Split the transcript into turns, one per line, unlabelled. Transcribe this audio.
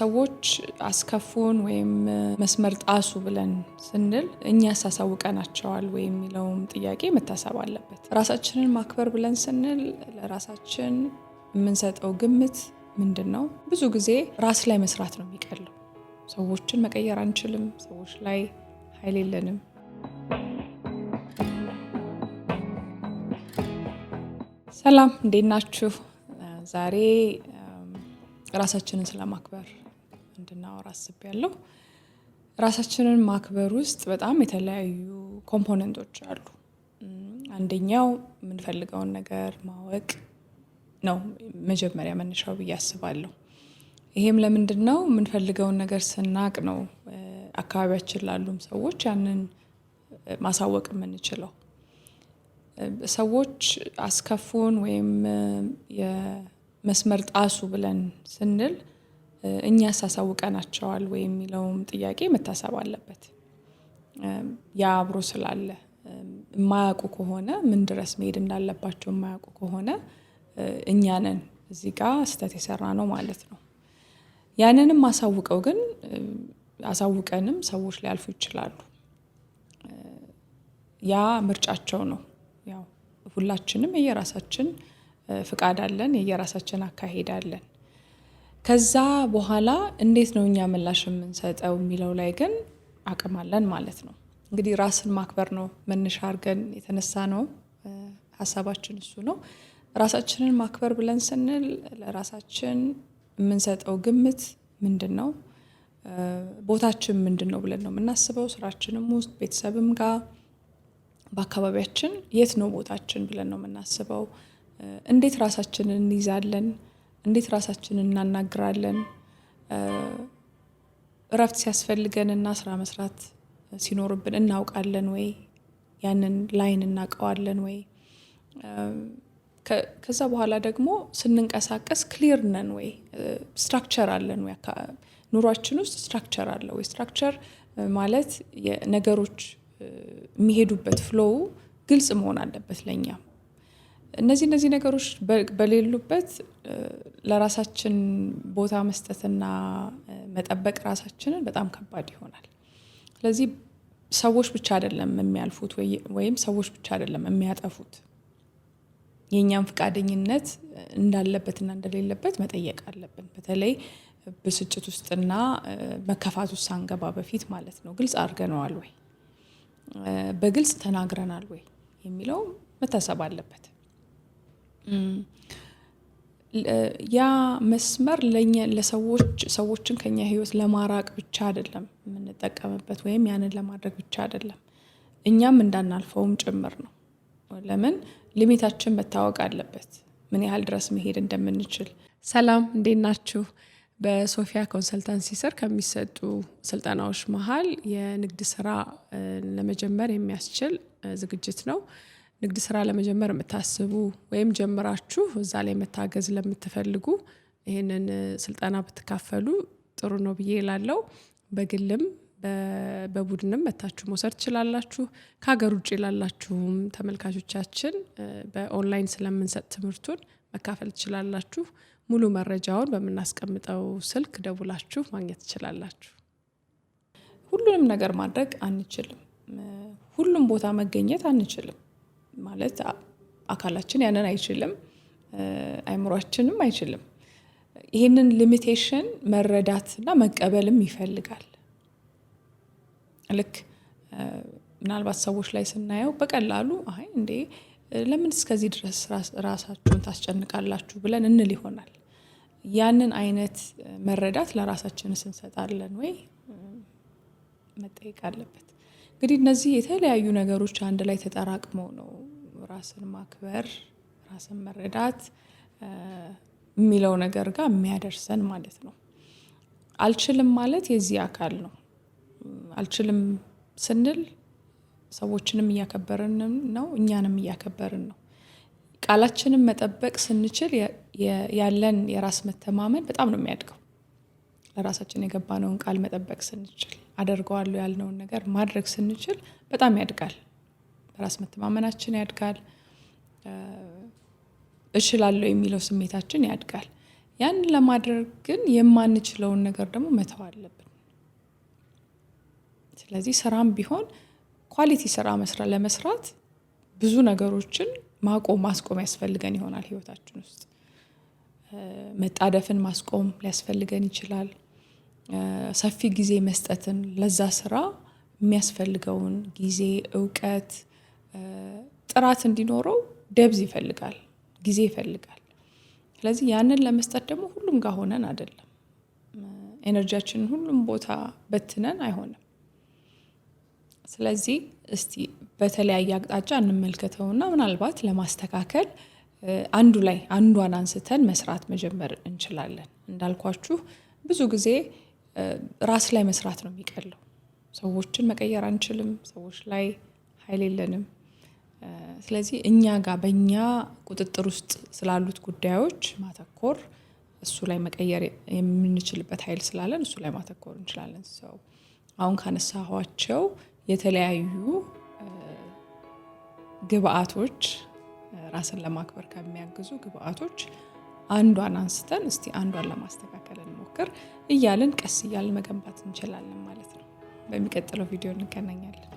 ሰዎች አስከፉን ወይም መስመር ጣሱ ብለን ስንል እኛ ሳሳውቀናቸዋል ወይ የሚለውም ጥያቄ መታሰብ አለበት። ራሳችንን ማክበር ብለን ስንል ለራሳችን የምንሰጠው ግምት ምንድን ነው? ብዙ ጊዜ ራስ ላይ መስራት ነው የሚቀለው። ሰዎችን መቀየር አንችልም። ሰዎች ላይ ኃይል የለንም። ሰላም፣ እንዴት ናችሁ? ዛሬ ራሳችንን ስለማክበር እንድናወራ አስቤያለሁ። ራሳችንን ማክበር ውስጥ በጣም የተለያዩ ኮምፖነንቶች አሉ። አንደኛው የምንፈልገውን ነገር ማወቅ ነው መጀመሪያ መነሻው ብዬ አስባለሁ። ይሄም ለምንድን ነው የምንፈልገውን ነገር ስናቅ ነው አካባቢያችን ላሉም ሰዎች ያንን ማሳወቅ የምንችለው። ሰዎች አስከፉን ወይም የመስመር ጣሱ ብለን ስንል እኛ ሳሳውቀናቸዋል ወይ የሚለውም ጥያቄ መታሰብ አለበት። ያ አብሮ ስላለ የማያውቁ ከሆነ ምን ድረስ መሄድ እንዳለባቸው የማያውቁ ከሆነ እኛ ነን እዚህ ጋ ስህተት የሰራ ነው ማለት ነው። ያንንም አሳውቀው ግን አሳውቀንም ሰዎች ሊያልፉ ይችላሉ። ያ ምርጫቸው ነው። ያው ሁላችንም የየራሳችን ፍቃድ አለን፣ የየራሳችን አካሄድ አለን። ከዛ በኋላ እንዴት ነው እኛ ምላሽ የምንሰጠው የሚለው ላይ ግን አቅም አለን ማለት ነው። እንግዲህ ራስን ማክበር ነው መነሻ አድርገን የተነሳ ነው ሀሳባችን እሱ ነው። ራሳችንን ማክበር ብለን ስንል ለራሳችን የምንሰጠው ግምት ምንድን ነው? ቦታችን ምንድን ነው ብለን ነው የምናስበው። ስራችንም ውስጥ ቤተሰብም ጋር በአካባቢያችን የት ነው ቦታችን ብለን ነው የምናስበው። እንዴት ራሳችንን እንይዛለን እንዴት ራሳችንን እናናግራለን? እረፍት እና ስራ መስራት ሲኖርብን እናውቃለን ወይ? ያንን ላይን እናውቀዋለን ወይ? ከዛ በኋላ ደግሞ ስንንቀሳቀስ ክሊር ነን ወይ? ስትራክቸር አለን ወይ? ኑሯችን ውስጥ ስትራክቸር አለ ወይ? ስትራክቸር ማለት ነገሮች የሚሄዱበት ፍሎው ግልጽ መሆን አለበት ለእኛም እነዚህ እነዚህ ነገሮች በሌሉበት ለራሳችን ቦታ መስጠትና መጠበቅ ራሳችንን በጣም ከባድ ይሆናል። ስለዚህ ሰዎች ብቻ አይደለም የሚያልፉት ወይም ሰዎች ብቻ አይደለም የሚያጠፉት። የእኛም ፈቃደኝነት እንዳለበትና እንደሌለበት መጠየቅ አለብን። በተለይ ብስጭት ውስጥና መከፋት ውስጥ ሳንገባ በፊት ማለት ነው። ግልጽ አድርገነዋል ወይ፣ በግልጽ ተናግረናል ወይ የሚለው መታሰብ አለበት። ያ መስመር ለኛ ለሰዎች ሰዎችን ከኛ ህይወት ለማራቅ ብቻ አይደለም የምንጠቀምበት ወይም ያንን ለማድረግ ብቻ አይደለም እኛም እንዳናልፈውም ጭምር ነው። ለምን ሊሚታችን መታወቅ አለበት፣ ምን ያህል ድረስ መሄድ እንደምንችል።
ሰላም እንዴት ናችሁ? በሶፊያ ኮንሰልታንሲ ስር ከሚሰጡ ስልጠናዎች መሀል የንግድ ስራ ለመጀመር የሚያስችል ዝግጅት ነው። ንግድ ስራ ለመጀመር የምታስቡ ወይም ጀምራችሁ እዛ ላይ መታገዝ ለምትፈልጉ ይህንን ስልጠና ብትካፈሉ ጥሩ ነው ብዬ ላለው በግልም በቡድንም መታችሁ መውሰድ ትችላላችሁ። ከሀገር ውጭ ላላችሁም ተመልካቾቻችን በኦንላይን ስለምንሰጥ ትምህርቱን መካፈል ትችላላችሁ። ሙሉ መረጃውን በምናስቀምጠው ስልክ ደውላችሁ ማግኘት ትችላላችሁ።
ሁሉንም ነገር ማድረግ አንችልም። ሁሉም ቦታ መገኘት አንችልም። ማለት አካላችን ያንን አይችልም፣ አይምሯችንም አይችልም። ይህንን ሊሚቴሽን መረዳት እና መቀበልም ይፈልጋል። ልክ ምናልባት ሰዎች ላይ ስናየው በቀላሉ አይ እንዴ ለምን እስከዚህ ድረስ ራሳችሁን ታስጨንቃላችሁ ብለን እንል ይሆናል። ያንን አይነት መረዳት ለራሳችን ስንሰጣለን ወይ መጠየቅ አለበት። እንግዲህ እነዚህ የተለያዩ ነገሮች አንድ ላይ ተጠራቅመው ነው ራስን ማክበር፣ ራስን መረዳት የሚለው ነገር ጋር የሚያደርሰን ማለት ነው። አልችልም ማለት የዚህ አካል ነው። አልችልም ስንል ሰዎችንም እያከበርን ነው፣ እኛንም እያከበርን ነው። ቃላችንን መጠበቅ ስንችል ያለን የራስ መተማመን በጣም ነው የሚያድገው። ለራሳችን የገባነውን ቃል መጠበቅ ስንችል፣ አደርገዋለሁ ያልነውን ነገር ማድረግ ስንችል በጣም ያድጋል። ራስ መተማመናችን ያድጋል፣ እችላለሁ የሚለው ስሜታችን ያድጋል። ያንን ለማድረግ ግን የማንችለውን ነገር ደግሞ መተው አለብን። ስለዚህ ስራም ቢሆን ኳሊቲ ስራ መስራ ለመስራት ብዙ ነገሮችን ማቆም ማስቆም ያስፈልገን ይሆናል። ህይወታችን ውስጥ መጣደፍን ማስቆም ሊያስፈልገን ይችላል። ሰፊ ጊዜ መስጠትን ለዛ ስራ የሚያስፈልገውን ጊዜ፣ እውቀት ጥራት እንዲኖረው ደብዝ ይፈልጋል፣ ጊዜ ይፈልጋል። ስለዚህ ያንን ለመስጠት ደግሞ ሁሉም ጋር ሆነን አይደለም፣ ኤነርጂያችንን ሁሉም ቦታ በትነን አይሆንም። ስለዚህ እስቲ በተለያየ አቅጣጫ እንመልከተውና ምናልባት ለማስተካከል አንዱ ላይ አንዷን አንስተን መስራት መጀመር እንችላለን። እንዳልኳችሁ ብዙ ጊዜ ራስ ላይ መስራት ነው የሚቀለው። ሰዎችን መቀየር አንችልም። ሰዎች ላይ ኃይል የለንም። ስለዚህ እኛ ጋር በእኛ ቁጥጥር ውስጥ ስላሉት ጉዳዮች ማተኮር እሱ ላይ መቀየር የምንችልበት ኃይል ስላለን እሱ ላይ ማተኮር እንችላለን። ሰው አሁን ካነሳኋቸው የተለያዩ ግብአቶች ራስን ለማክበር ከሚያግዙ ግብአቶች አንዷን አንስተን እስቲ አንዷን ለማስተካከል እንሞክር እያልን ቀስ እያልን መገንባት እንችላለን ማለት ነው። በሚቀጥለው ቪዲዮ እንገናኛለን።